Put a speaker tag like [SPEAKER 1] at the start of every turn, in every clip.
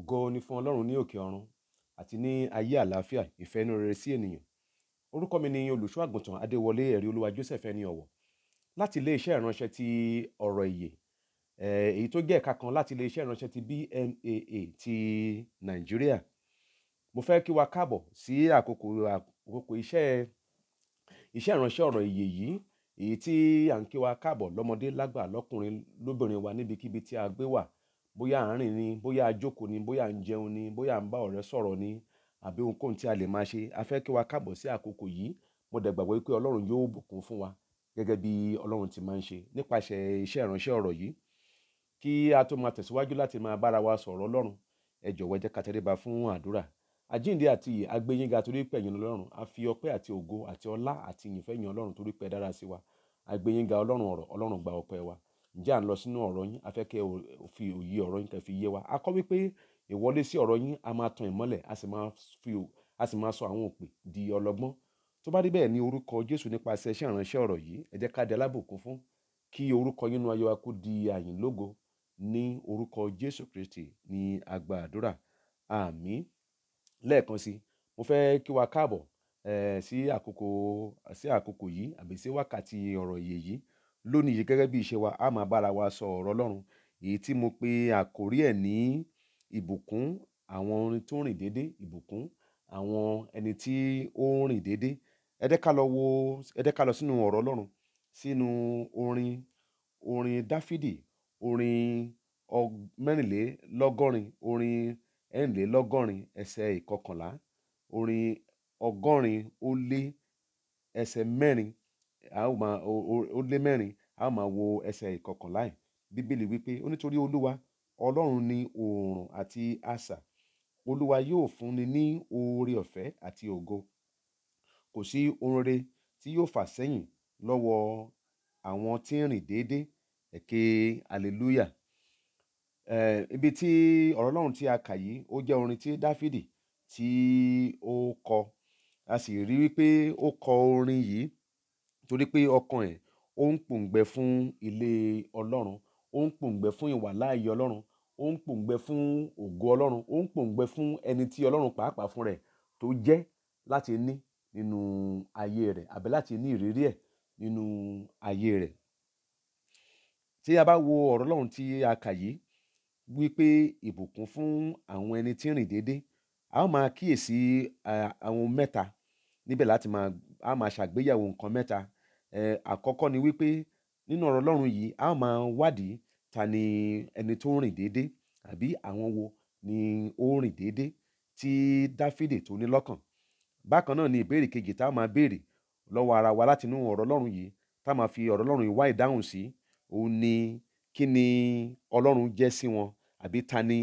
[SPEAKER 1] ògo ni fún ọlọ́run ní òkè ọ̀run àti ní ayé àlàáfíà ìfẹ́ inú rere sí ènìyàn orúkọ mi ni olùṣọ́ àgùntàn adéwọlé ẹ̀rí olúwa joseph ẹni ọ̀wọ̀ láti ilé iṣẹ́ ìránṣẹ́ ti ọ̀rọ̀ ìyè èyí tó jẹ́ ẹ̀ka kan láti ilé iṣẹ́ ìránṣẹ́ ti BMAA ti nàìjíríà mo fẹ́ kí wa káàbọ̀ sí àkókò àkókò iṣẹ́ iṣẹ́ ìránṣẹ́ ọ̀rọ̀ ìyè yìí èyí tí à ń kí wa káàbọ̀ lọ́mọdé lágbà lọ́kùnrin lóbìnrin wa níbikíbi tí a gbé wà bóyá à ń rìn ni bóyá a jókòó ni bóyá à ń jẹun ni bóyá à ń bá ọ̀rẹ́ sọ̀rọ̀ ni àbí ohunkóhun tí a lè máa ṣe a fẹ́ kí wa káàbọ̀ sí àkókò yìí mo dẹ̀ gbàgbọ́ wípé ọlọ́run yóò bùkún fún wa gẹ́gẹ́ bí ọlọ́run ti máa ń ṣe nípasẹ̀ iṣẹ́ ìránṣẹ́ ọ̀rọ̀ yìí kí a tó máa tẹ̀síwájú láti máa bára wa sọ̀rọ̀ ọlọ́run ẹ jọ̀wọ́ ẹ jẹ́ ká tẹríba fún àdúrà àjíǹde àti ìyè torí pé ẹ̀yin ọlọ́run a fi ọpẹ́ àti ògo àti ọlá àti ìyìnfẹ́ yìn ọlọ́run torí pé dára sí wa agbẹ́yìnga ọlọ́run ọ̀rọ̀ ọlọ́run gba ọpẹ́ wa ǹjẹ́ à ń lọ sínú ọ̀rọ̀ yín a kẹ́ ò fi òye ọ̀rọ̀ yín kẹ́ fi yé wa a kọ́ wípé ìwọlé sí ọ̀rọ̀ yín a máa tan ìmọ́lẹ̀ a sì máa fi a sì máa sọ àwọn òpè di ọlọ́gbọ́n tó bá rí bẹ́ẹ̀ ní orúkọ Jésù nípasẹ̀ iṣẹ́ ìránṣẹ́ ọ̀rọ̀ yìí ẹ ká di alábòkún fún kí orúkọ yín nu ayé wa kó di àyìn lógo ní orúkọ Jésù Kristi ní àgbà àdúrà àmín lẹ́ẹ̀kan sí mo fẹ́ kí wa káàbọ̀ sí àkókò yìí àbí wákàtí ọ̀rọ̀ ìyè yìí Lónìí yìí gẹ́gẹ́ bí ìṣe wa, a máa bá ara wa sọ ọ̀rọ̀ Ọlọ́run èyí tí mo pe àkórí ẹ̀ ní ìbùkún àwọn orin tó ń rìn déédé, ìbùkún àwọn ẹni tí ó ń rìn déédé. Ẹ jẹ́ ká lọ wo, ẹ jẹ́ ká lọ sínú ọ̀rọ̀ Ọlọ́run, sínú orin, orin Dafidi, orin mẹ́rìnlélọ́gọ́rin, orin ẹ́rìnlélọ́gọ́rin ẹsẹ̀ ìkọkànlá, orin ọgọ́rin ó lé ẹsẹ̀ mẹ́rin a ó máa ó lé mẹ́rin a ó máa wo ẹsẹ̀ ìkọkànlá yìí bíbélì wípé ó nítorí olúwa ọlọ́run ni oòrùn àti asà olúwa yóò fúnni ní oore ọ̀fẹ́ àti ògo kò sí ohun rere tí yóò fà sẹ́yìn lọ́wọ́ àwọn tí ń rìn déédéé ẹ̀kẹ́ hallelujah ibi tí ọ̀rọ̀ ọlọ́run tí a kà yìí ó jẹ́ orin tí dáfídì tí ó kọ a sì rí wípé ó kọ orin yìí torí pé ọkàn ẹ̀ ó ń pòǹgbẹ fún ilé ọlọ́run ó ń pòǹgbẹ fún ìwàláàyè ọlọ́run ó ń pòǹgbẹ fún ògo ọlọ́run ó ń pòǹgbẹ fún ẹni tí ọlọ́run pàápàá fún rẹ̀ tó jẹ́ láti ní nínú ayé rẹ̀ àbí láti ní ìrírí ẹ̀ nínú ayé rẹ̀ tí a bá wo ọ̀rọ̀ ọlọ́run tí a kà yìí wípé ìbùkún fún àwọn ẹni tí ń rìn déédé a ó máa kíyèsí àwọn mẹ́ta níbẹ̀ láti máa a máa ṣàgbéyàwó nǹkan mẹ́ta àkọ́kọ́ ni wípé nínú ọ̀rọ̀ Ọlọ́run yìí a máa wádìí ta ni ẹni tó ń rìn déédéé àbí àwọn wo ni ó ń rìn déédéé tí Dáfídì tó ní lọ́kàn. Bákan náà ni ìbéèrè kejì tá a máa béèrè lọ́wọ́ ara wa látinú ọ̀rọ̀ Ọlọ́run yìí tá a máa fi ọ̀rọ̀ Ọlọ́run yìí wá ìdáhùn sí òun ni kí ni Ọlọ́run jẹ́ sí wọn àbí ta ni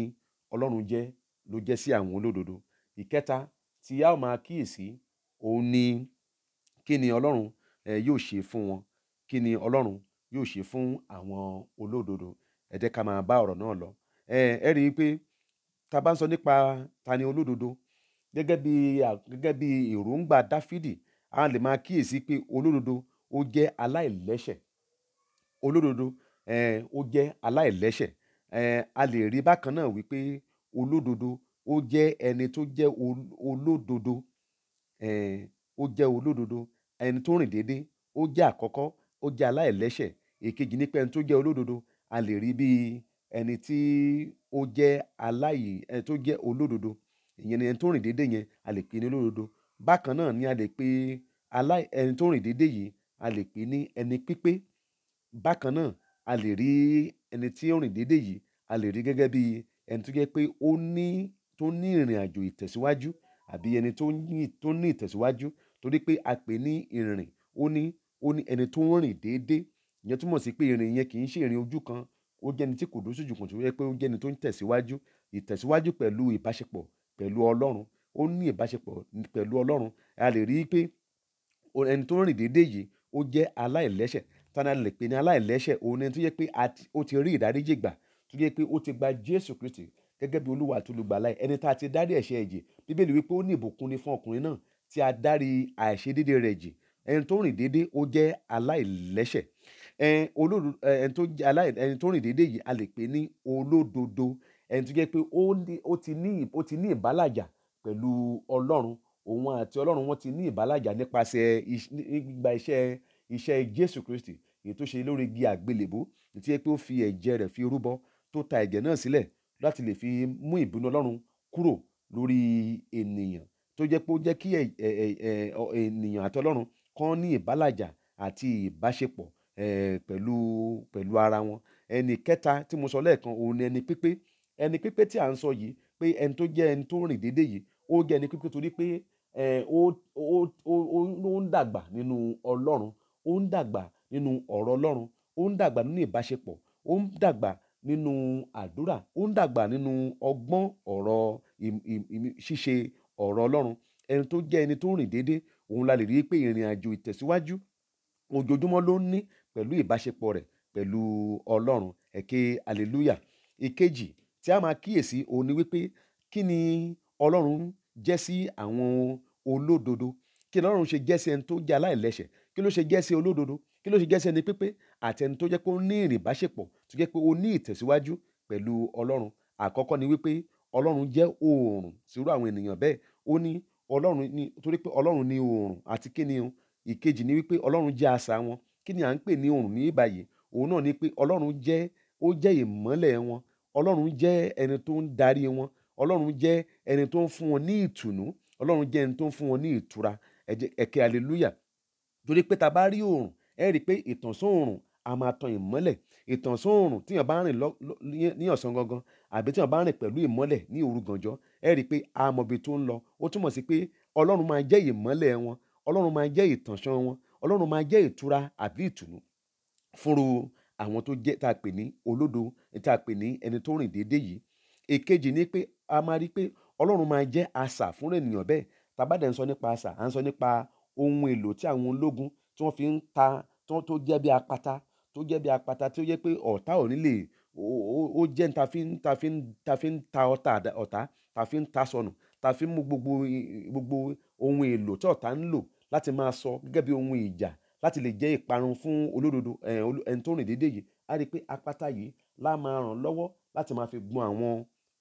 [SPEAKER 1] Ọlọ́run jẹ́ ló jẹ́ sí àwọn olódodo. Ìkẹta tí a máa kíyèsí òun ni kí ni Ọlọ́run yóò ṣe fún wọn kí ni ọlọ́run yóò ṣe fún àwọn olódodo ẹ jẹ́ ká máa bá ọ̀rọ̀ náà lọ ẹ rí i pé ta bá ń sọ nípa ta ni olódodo gẹ́gẹ́ bí gẹ́gẹ́ bí èròǹgbà dáfídì a lè máa kíyèsí pé olódodo ó jẹ́ aláìlẹ́ṣẹ̀ olódodo ó jẹ́ aláìlẹ́ṣẹ̀ a lè rí bákan náà wípé olódodo ó jẹ́ ẹni tó jẹ́ olódodo ó jẹ́ olódodo ẹni tó rìn déédéé ó jẹ́ àkọ́kọ́ ó jẹ́ aláìlẹ́ṣẹ̀ èkejì ni pé ẹni tó jẹ́ olódodo a lè rí bí ẹni tí ó jẹ́ aláì ẹni tó jẹ́ olódodo ìyẹn ni ẹni tó rìn déédéé yẹn a lè pè ní olódodo bákan náà ni a lè pè aláì ẹni tó rìn déédéé yìí a lè pè ní ẹni pípé bákan náà a lè rí ẹni tí ó rìn déédéé yìí a lè rí gẹ́gẹ́ bí ẹni tó jẹ́ pé ó ní tó ní ìrìn àjò ìtẹ̀síwájú àbí ẹni tó ní ìtẹ̀síwájú torí pé a pè ní ìrìn. Ó ní, ó ní ẹni tó ń rìn déédéé. Ìyẹn túmọ̀ sí pé ìrìn yẹn kì í ṣe ìrìn ojú kan. Ó jẹ́ ẹni tí kò dúró sójú kan, ṣùgbọ́n pé ó jẹ́ ẹni tó ń tẹ̀síwájú. Ìtẹ̀síwájú pẹ̀lú ìbáṣepọ̀ pẹ̀lú Ọlọ́run. Ó ní ìbáṣepọ̀ pẹ̀lú Ọlọ́run. A lè rí i pé ẹni tó ń rìn déédéé yìí ó jẹ́ aláìlẹ́ṣẹ̀. Tá lè pè ní aláìlẹ́ṣẹ̀? Òun ẹni tó jẹ́ pé ó ti rí ìdáríjì gbà. Tó jẹ́ pé ó ti gba Jésù Kristi gẹ́gẹ́ bí Olúwa àti olùgbàlà. Ẹni tí a ti dárí ẹ̀ṣẹ̀ ẹ̀ Bíbélì wípé ó ní ìbùkún ni fún ọkùnrin náà tí a dárí àìṣedéédé rẹ̀ jì ẹni tó rìn déédé ó jẹ́ aláìlẹ́ṣẹ̀ ẹn olódodo ẹni tó jẹ́ aláì ẹni tó rìn déédé yìí a lè pè ní olódodo ẹni tó jẹ́ pé ó ti ní ó ti ní ìbálàjà pẹ̀lú ọlọ́run òun àti ọlọ́run wọn ti ní ìbálàjà nípasẹ̀ gbígba iṣẹ́ iṣẹ́ jésù kristi èyí tó ṣe lórí igi àgbélébó tí pé ó fi ẹ̀jẹ̀ rẹ̀ fi rúbọ tó ta ẹ̀jẹ̀ náà sílẹ̀ láti lè fi mú ìbínú ọlọ́run kúrò lórí ènìyàn tó jẹ́ pé ó jẹ́ kí ènìyàn àtọlọ́run kan ní ìbálàjà àti ìbáṣepọ̀ pẹ̀lú pẹ̀lú ara wọn ẹni kẹta tí mo sọ lẹ́ẹ̀kan òun ni ẹni pípé ẹni pípé tí à ń sọ yìí pé ẹni tó jẹ́ ẹni tó rìn déédéé yìí ó jẹ́ ẹni pípé torí pé ó ń dàgbà nínú ọlọ́run ó ń dàgbà nínú ọ̀rọ̀ ọlọ́run ó ń dàgbà nínú ìbáṣepọ̀ ó ń dàgbà nínú àdúrà ó ń dàgbà nínú ọgbọ́n ọ̀rọ̀ ṣíṣe ọ̀rọ̀ Ọlọ́run ẹni tó jẹ́ ẹni tó rìn déédé òun la lè rí pé ìrìn àjò ìtẹ̀síwájú ojoojúmọ́ ló ní pẹ̀lú ìbáṣepọ̀ rẹ̀ pẹ̀lú Ọlọ́run ẹ̀kẹ́ hallelujah ìkejì tí a máa kíyèsí òun ni wípé kí ni Ọlọ́run jẹ́ sí àwọn olódodo kí ni Ọlọ́run ṣe jẹ́ sí ẹni tó jẹ́ aláìlẹ́ṣẹ̀ kí ló ṣe jẹ́ sí olódodo kí ló ṣe jẹ́ sí ẹni pípé àti ẹni tó jẹ́ pé ó ní ìrìn ìbáṣepọ̀ tó jẹ́ pé ó ní ìtẹ̀síwájú pẹ̀lú Ọlọ́run àkọ́kọ́ ni wípé Ọlọ́run jẹ́ oòrùn sírú àwọn ènìyàn bẹ́ẹ̀ Ó ní Ọlọ́run ni, torí pé Ọlọ́run ni oòrùn àti kí ni o? Ìkejì ni wípé Ọlọ́run jẹ́ asà wọn. Kí ni à ń pè ní oòrùn ní ìbàyìí? Òun náà ni pé Ọlọ́run jẹ́, ó jẹ́ ìmọ́lẹ̀ wọn. Ọlọ́run jẹ́ ẹni tó ń darí wọn. Ọlọ́run jẹ́ ẹni tó ń fún wọn ní ìtùnú. Ọlọ́run jẹ́ ẹni tó ń fún wọn ní ìtura. Ẹ jẹ́, ẹ ké hallelujah. Torí pé ta bá rí oòrùn, ẹ rí pé ìtànṣán oòrùn a ìmọ́lẹ̀. Ìtànṣán oòrùn tí rìn ní ọ̀sán gangan, àbí tí wọ́n bá rìn pẹ̀lú ìmọ́lẹ̀ ní òru gànjọ́ ẹ rí i pé a mọ ibi tó ń lọ ó túmọ̀ sí pé ọlọ́run máa jẹ́ ìmọ́lẹ̀ wọn ọlọ́run máa jẹ́ ìtànṣán wọn ọlọ́run máa jẹ́ ìtura àbí ìtùnú fúnru àwọn tó jẹ́ tá a pè ní olódo tá a pè ní ẹni tó rìn déédéé yìí èkejì ni pé a máa rí i pé ọlọ́run máa jẹ́ asà fún ènìyàn bẹ́ẹ̀ tàbádẹ́ ń sọ nípa asà à ń sọ nípa ohun èlò tí àwọn ológun tí wọ́n fi ń ta tó jẹ́ bí apata tó jẹ́ bí apata tó jẹ́ pé ọ̀tá ò ní lè ó jẹ́ ta fi ń ta fi ń ta fi ń ta ọta ọ̀tá ta fi ń ta sọnù ta fi ń mú gbogbo gbogbo ohun èlò tí ọ̀tá ń lò láti máa sọ gẹ́gẹ́ bí ohun ìjà láti lè jẹ́ ìparun fún olódodo ẹni tó rìn déédéé yìí á rí i pé apáta yìí lá máa ràn lọ́wọ́ láti máa fi gbọn àwọn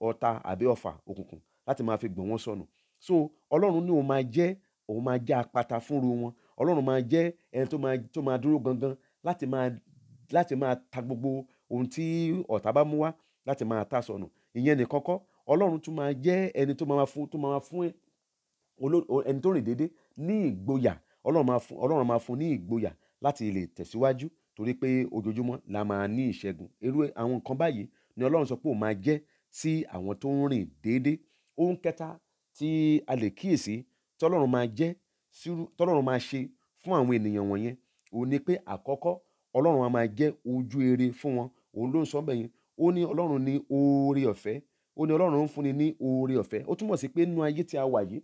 [SPEAKER 1] ọta àbí ọfà òkùnkùn láti máa fi gbọn wọn sọnù so ọlọ́run ni òun máa jẹ́ òun máa jẹ́ apáta fúnru wọn ọlọ́run máa jẹ́ ẹni tó máa tó máa dúró gangan láti máa láti máa ta gbogbo ohun tí ọ̀tá bá mú wá láti máa ta sọnù ìyẹn nìkan kọ́ ọlọ́run tún máa jẹ́ ẹni tó máa fún tó máa fún ẹni tó rìn déédé ní ìgboyà ọlọ́run máa fún ní ìgboyà láti lè tẹ̀síwájú torí pé ojoojúmọ́ la máa ní ìṣẹ́gun irú àwọn nǹkan báyìí ni ọlọ́run sọ pé ó máa jẹ́ sí àwọn tó ń rìn déédé ohun kẹta tí a lè kíyèsí tọ́lọ́run máa jẹ́ tọ́lọ́run máa ṣe fún àwọn ènìyàn wọ̀nyẹn òun ni pé àkọ́kọ́ ọlọ́run á máa jẹ́ ojú rere fún wọn òun ló ń sọ bẹ́ẹ̀ yẹn ó ní ọlọ́run ní oore ọ̀fẹ́ ó ní ọlọ́run ń fúnni ní oore ọ̀fẹ́ ó túmọ̀ sí pé nínú ayé tí a wà yìí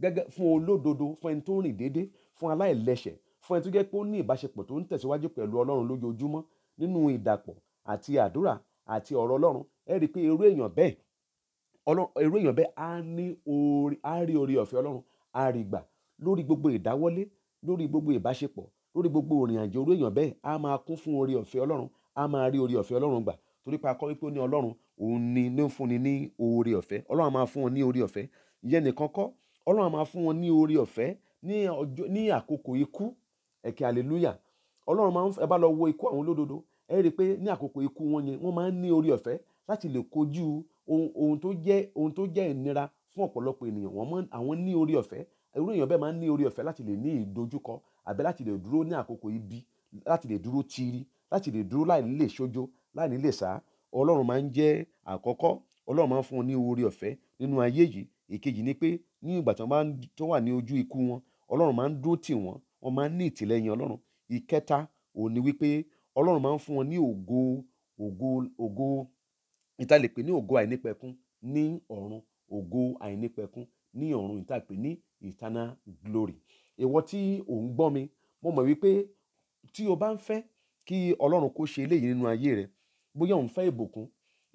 [SPEAKER 1] gẹ́gẹ́ fún olódodo fún ẹni tó rìn déédé fún aláìlẹ́ṣẹ̀ fún ẹni tó jẹ́ pé ó ní ìbáṣepọ̀ tó ń tẹ̀síwájú pẹ̀lú ọlọ́run lójoojúmọ́ nínú ìdàpọ̀ àti àdúrà àti ọ̀rọ̀ ọlọ́run ẹ rí i pé irú èèyàn bẹ́ẹ̀ irú èèyàn bẹ́ẹ̀ á ní oore á rí oore ọ̀fẹ́ ọlọ́run á rí gbà lórí gbogbo ìdáwọ́lé lórí gbogbo ìbáṣepọ̀ lórí gbogbo òrìn àjò èèyàn bẹ́ẹ̀ á máa kún fún oore ọ̀fẹ́ ọlọ́run a máa rí oore ọ̀fẹ́ Ọlọ́run gbà torí pé a kọ́ wípé ó ní Ọlọ́run òun ni ló ń fúnni ní oore ọ̀fẹ́ Ọlọ́run máa fún wọn ní oore ọ̀fẹ́ ìyẹn nìkan kọ́ Ọlọ́run máa fún wọn ní oore ọ̀fẹ́ ní ọjọ́ ní àkókò ikú ẹ̀kẹ́ hallelujah Ọlọ́run máa ń ẹ bá lọ wo ikú àwọn olódodo ẹ rí i pé ní àkókò ikú wọn yẹn wọ́n máa ń ní oore ọ̀fẹ́ láti lè kojú ohun tó jẹ́ ohun tó jẹ́ ìnira fún ọ̀pọ̀lọpọ̀ ènìyàn wọ́n mọ́ àwọn ní oore ọ̀fẹ́ irú èèyàn bẹ́ẹ̀ máa ń ní oore ọ̀fẹ́ láti lè ní ìdojúkọ àbẹ́ láti lè dúró ní àkókò ibi láti lè dúró tiiri láti lè dúró láì ní lè ṣojo láì ní lè sá ọlọ́run máa ń jẹ́ àkọ́kọ́ ọlọ́run máa ń fún wọn ní oore ọ̀fẹ́ nínú ayé yìí èkejì ni pé ní ìgbà tí wọ́n bá tó wà ní ojú ikú wọn ọlọ́run máa ń dúró tì wọ́n wọ́n máa ń ní ìtìlẹ́yìn ọlọ́run ìkẹta òun ni wípé ọlọ́run máa ń fún wọn ní ògo ògo ògo ìtàlẹ́pẹ́ ní ògo àìnípẹ̀kún ní ọ̀run ògo àìnípẹ̀kún ní ọ̀run ìtàpẹ́ ní eternal glory ìwọ tí ò ń gbọ́ mi mo mọ̀ wípé tí o bá ń fẹ́ kí Ọlọ́run kó ṣe eléyìí nínú ayé rẹ bóyá òun fẹ́ ìbùkún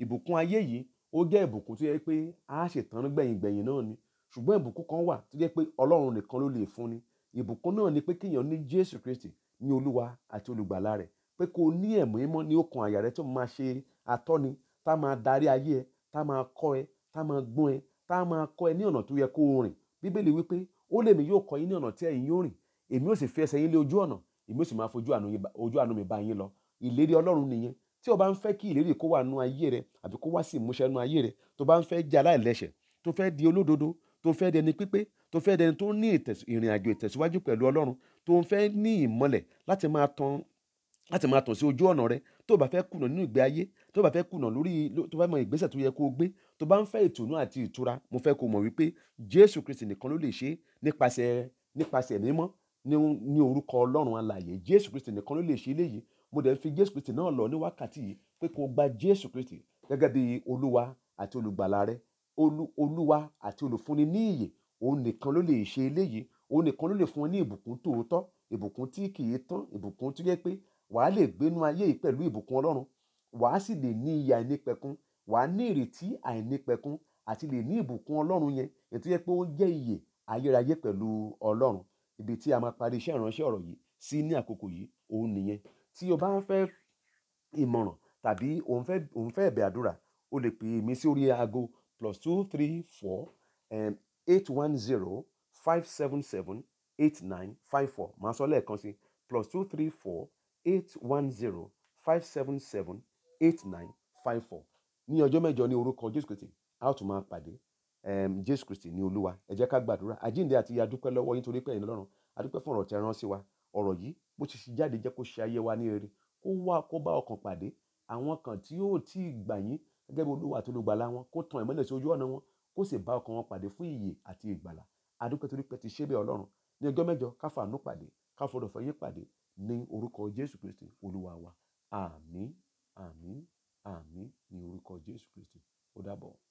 [SPEAKER 1] ìbùkún ayé yìí ó jẹ́ ìbùkún tó yẹ pé a ṣètàn gbẹ̀yìn gbẹ̀yìn náà ni ṣùgbọ́n ìbùkún kan wà tó jẹ́ pé Ọlọ́run nìkan ló lè fúnni ìbùkún náà ni pé kéèyàn ní Jésù Kristi ní Olúwa àti olùgbàlà rẹ̀ pé kó o ní ẹ̀mí mímọ́ ní ọkàn àyà rẹ tó máa ṣe atọ́ni tá máa darí ayé ẹ tá máa kọ́ ẹ tá máa gbọ́n ẹ tá máa kọ́ ẹ ní ọ̀nà tó yẹ kó o rìn bíbélì wípé ó lèmi yóò kọ́ yín ní ọ̀nà tí ẹ̀yin yóò rìn èmi ó sì fi ẹsẹ̀ yín lé ojú ọ̀nà èmi ò sì máa fojú àánú mi bá yín lọ ìlérí ọlọ́run nìyẹn tí o bá ń fẹ́ kí ìlérí kó wà nú ayé rẹ àbí kó wá sí ìmúṣẹ nú ayé rẹ tó bá ń fẹ́ jẹ́ aláìlẹ́ṣẹ̀ tó fẹ́ di olódodo tó fẹ́ dẹni pípé tó fẹ́ dẹni tó ní ìrìn àjò ìtẹ̀síwájú pẹ̀lú ọlọ́run tó ń fẹ́ ní ìmọ́lẹ̀ láti máa tàn láti máa tàn sí ojú ọ̀nà rẹ tó bá fẹ́ kùnà nínú ìgbé ayé tó bá fẹ́ kùnà lórí tó bá mọ ìgbésẹ̀ tó yẹ kó gbé tó bá ń fẹ́ ìtùnú àti ìtura mo fẹ́ kó mọ̀ wípé Jésù Kristi nìkan ló lè ṣe nípasẹ̀ nípasẹ̀ mímọ́ ní, ní orúkọ Ọlọ́run alààyè Jésù Kristi nìkan ló lè ṣe eléyìí mo dẹ̀ ń fi Jésù Kristi náà lọ ní wákàtí yìí pé kó o gba Jésù Kristi gẹ́gẹ́ bí Olúwa àti olùgbàlà rẹ olú Olúwa àti olùfúnni ní ìyè òun nìkan ló lè ṣe eléyìí òun nìkan ló lè fún ọ ní ìbùkún tòótọ́ ìbùkún tí kì í tán ìbùkún tó yẹ pé wàá lè gbénú ayé yìí pẹ̀lú ìbùkún Ọlọ́run wàá sì lè ní ìyè àìnípẹ̀kun wàá ní ìrètí àìnípẹ̀kun àti lè ní ìbùkún Ọlọ́run yẹn ètò yẹ pé ó jẹ́ ìyè ayérayé pẹ̀lú Ọlọ́run ibi tí a máa parí iṣẹ́ ìránṣẹ́ ọ̀rọ̀ yìí sí ní àkókò yìí òun nìyẹn. Tí o bá ń fẹ́ ìmọ̀ràn tàbí o ń fẹ́, o ń fẹ́ ẹ̀bẹ̀ àdúrà, o lè pè mí sí orí ago plus two three four, um, eight one zero five seven seven eight nine five four. Màá sọ lẹ́ẹ̀kan si plus two three four eight one zero five seven seven eight nine five four. Ní ọjọ́ mẹ́jọ ní orúkọ Jésù Kristi, a ó tún máa pàdé um, jésù kristi ní olúwa ẹ jẹ́ ká gbàdúrà àjíǹde àti ìyá dúpẹ́ lọ́wọ́ yín torí pé ẹ̀yin lọ́rùn adúpẹ́ fún ọ̀rọ̀ tẹ́ rán sí wa ọ̀rọ̀ yìí bó ti ṣe jáde jẹ́ kó ṣe ayé wa ní rere kó wá kó bá ọkàn pàdé àwọn kan tí yóò tí ì gbà yín gẹ́gẹ́ bí olúwa tó ló gbàlà wọn kó tan ìmọ́lẹ̀ sí ojú ọ̀nà wọn kó sì bá ọkàn wọn pàdé fún ìyè àti ìgbàlà adúpẹ́ torí pé ti ṣe bẹ́ẹ̀ ọlọ́run ní ọjọ́ mẹ́jọ káfàánú pàdé káfọdọ̀fẹ́ yín pàdé ní orúkọ jésù kristi olúwa wa àmín àmín àmín ní orúkọ jésù kristi ó dàbọ̀.